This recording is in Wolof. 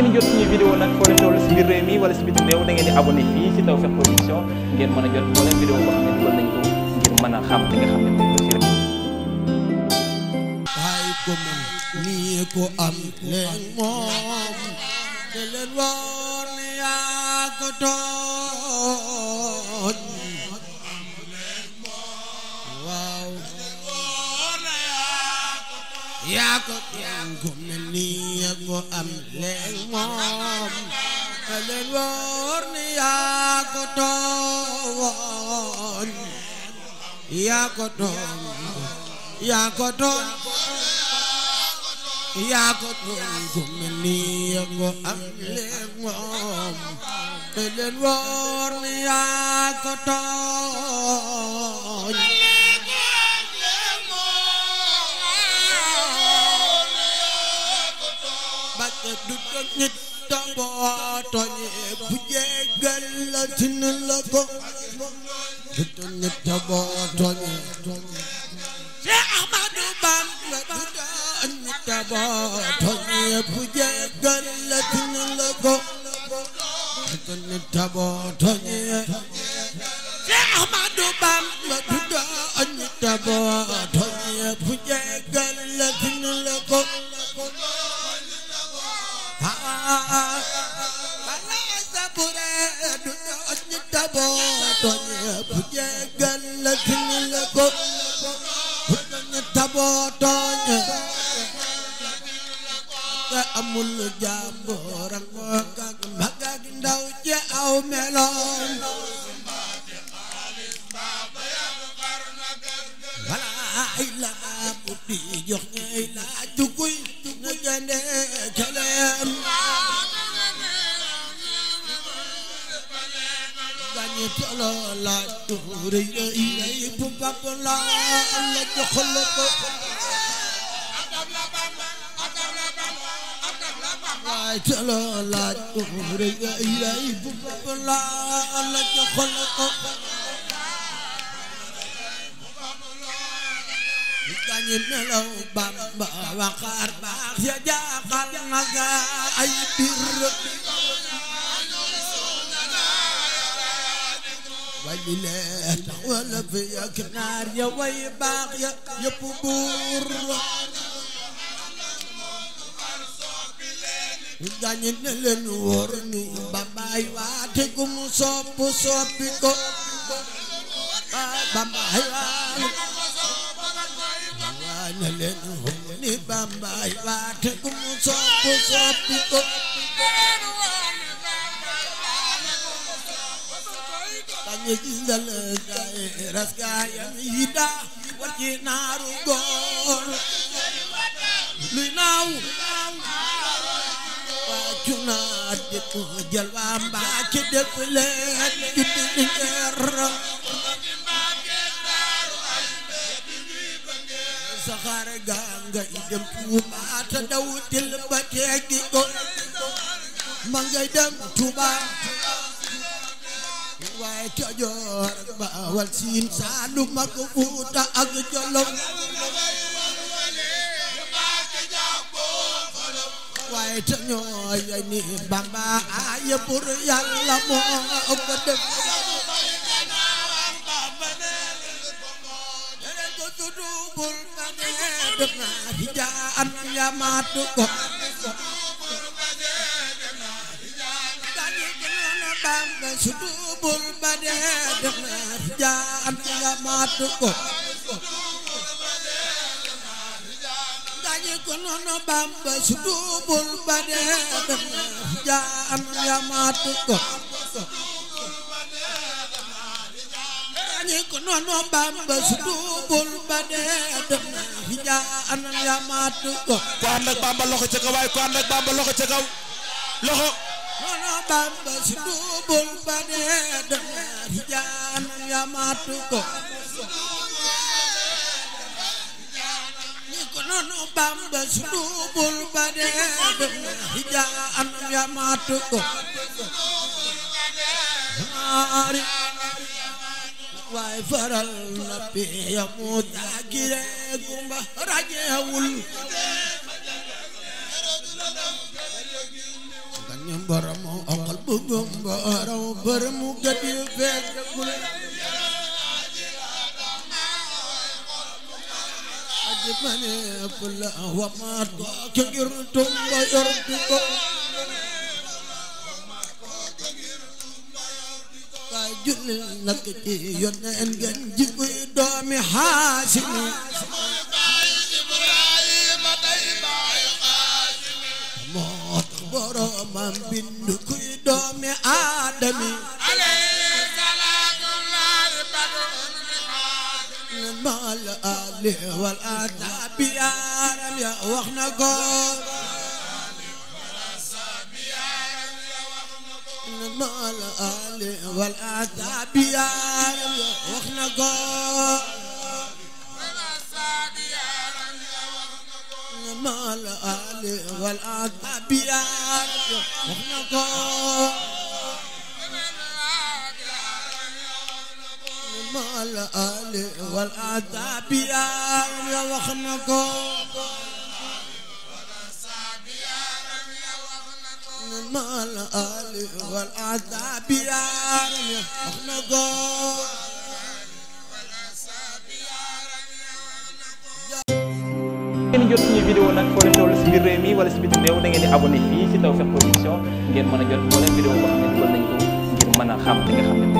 ngeen jot suñu vidéo nag foo leen toll si biir réew mi wala si biti réew da ngeen di abonné fii si Tawfekh Production ngeen mën a jot moo leen vidéo boo xam ne dugal nañ ko ngir mën a xam li nga xam ne moom la rek. waaye ko man nii ko am leen moom te leen woon yaa ko tooj yaa ko ku mel ni yaa ko am leen moom a leen wóor ni yaa ko tooñ yaa ko tooñ yaa ko tooñ yaa ko tooñ ku mel ni yaa ko am leen moom a leen wóor ni yaa ko tooñ ñi tambooto ñépp jéggal la dina la ko duto ñi tambooto ñépp Cheikh Ahmadou Bamba duto ñi tambooto ñépp jéggal la boo tooñee te amul jàmbur ak mag ak ndaw ci aw meloon bañ tolo la du rëy rëy bu bàmb la la jox la ko waay tolo la du rëy rëy bu bàmb la la jox la ko dañu melaw bàmb waxaar baax ya jaaxal na nga ay bir wajilee tax wala fi ak naar ya way baax ya yëpp buur gaañi ne leen wóor ni bambaay waate ku mu sopp soppi ko bambaay waa ne leen wóor ni bambaay waate ku mu sopp soppi ko gisal gaay ras gaayam yi daa war ci naaru góor luy naaw wàccu naa dëkk jël waa Mbàkke dëkk leen juddi di ngeer saxaar gaa ngay dem Tuubaa te daw til ba teegi ko ma ngay dem Tuubaa waaye Kajoor Bawol Siin Saalum ak Fuuta ak Jolof waaye te ñooy ni Bamba ay bur Yàlla moo ko def bul ma dee def naa fi jaan yamaatu ko dañu ko noonu Bamba bul ba dee def naa jaan nga maat ko dañu ko noonu Bamba su tuubul ba dee def naa jaan nga maat ko dañu ko noonu Bamba su tuubul ba dee def naa jaan nga maat ko ku ànd ak Bamba loxo ca kaw waaye ku ànd ak Bamba loxo ca kaw loxo noonu Bamba su tuubul ba dee jaamatu ko noonu Bamba sudubul ba deedu hijaan jaamatu ko haari waay faral na piya mu daagire gumba rajewul dañu baramu akal bu gumba raw baramu gadiyu feet maneef la wamaat ko ke ngir tumba yor di ko kaay jullil nag ci yoneen ngeen jikuy doomi xaasimi moo boroomam bindu kuy doomi aadami والآل والآتاب يا رم يا وخنا قول مع الآل والآتاب يا رم يا وخنا قول مع الآل والآتاب يا رم يا وخنا قول العدل والآداب يا وخنكو ما الآل والآداب يا وخنكو ngeen jot suñu vidéo nag foo leen toll si biir réew mi wala si biti réew da ngeen di abonné fii si Tawfekh Production ngeen mën a jot moo leen vidéo boo xam ne dugal nañ ko ngir mën a xam li nga xam ne